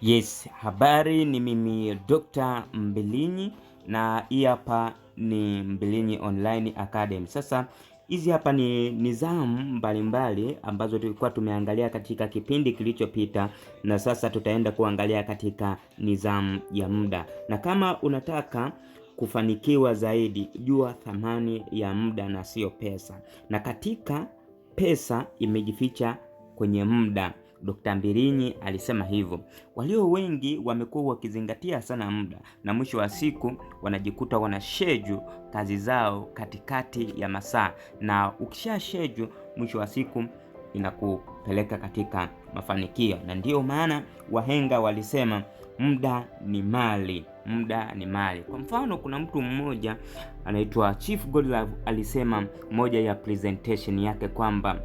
Yes, habari ni mimi Dr. Mbilinyi na hii hapa ni Mbilinyi Online Academy. Sasa hizi hapa ni nidhamu mbalimbali ambazo tulikuwa tumeangalia katika kipindi kilichopita, na sasa tutaenda kuangalia katika nidhamu ya muda, na kama unataka kufanikiwa zaidi, jua thamani ya muda na sio pesa, na katika pesa imejificha kwenye muda. Dr. Mbilinyi alisema hivyo. Walio wengi wamekuwa wakizingatia sana muda na mwisho wa siku wanajikuta wana sheju kazi zao katikati ya masaa, na ukisha sheju, mwisho wa siku inakupeleka katika mafanikio, na ndiyo maana wahenga walisema muda ni mali, muda ni mali. Kwa mfano, kuna mtu mmoja anaitwa Chief Godlove alisema moja ya presentation yake kwamba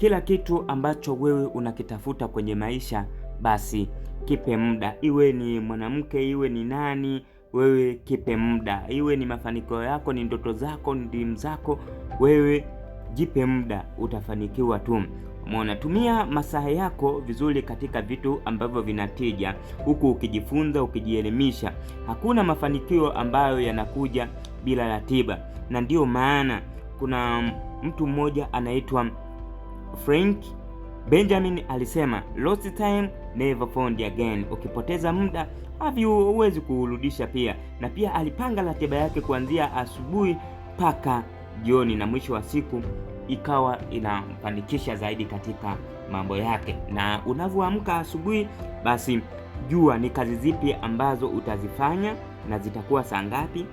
kila kitu ambacho wewe unakitafuta kwenye maisha, basi kipe muda. Iwe ni mwanamke, iwe ni nani, wewe kipe muda. Iwe ni mafanikio yako, ni ndoto zako, ni zako, wewe jipe muda, utafanikiwa tu. Umeona, tumia masaha yako vizuri katika vitu ambavyo vinatija, huku ukijifunza, ukijielimisha. Hakuna mafanikio ambayo yanakuja bila ratiba, na ndiyo maana kuna mtu mmoja anaitwa Frank Benjamin alisema lost time never found again, ukipoteza muda havi huwezi kuurudisha. Pia na pia alipanga ratiba yake kuanzia asubuhi mpaka jioni, na mwisho wa siku ikawa inamfanikisha zaidi katika mambo yake. Na unavyoamka asubuhi, basi jua ni kazi zipi ambazo utazifanya na zitakuwa saa ngapi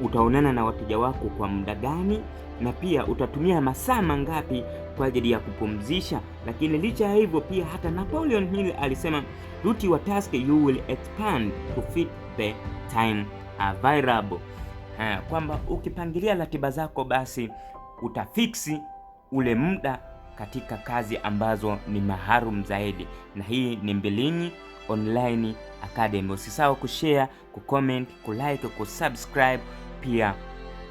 utaonana na wateja wako kwa muda gani, na pia utatumia masaa mangapi kwa ajili ya kupumzisha. Lakini licha ya hivyo pia, hata Napoleon Hill alisema duty wa task you will expand to fit the time available, kwamba ukipangilia ratiba zako basi utafiksi ule muda katika kazi ambazo ni maharum zaidi. Na hii ni Mbilinyi Online Academy. Usisahau kushare, kucomment, kulike, kusubscribe pia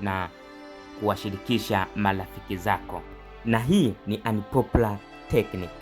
na kuwashirikisha marafiki zako, na hii ni unpopular technique.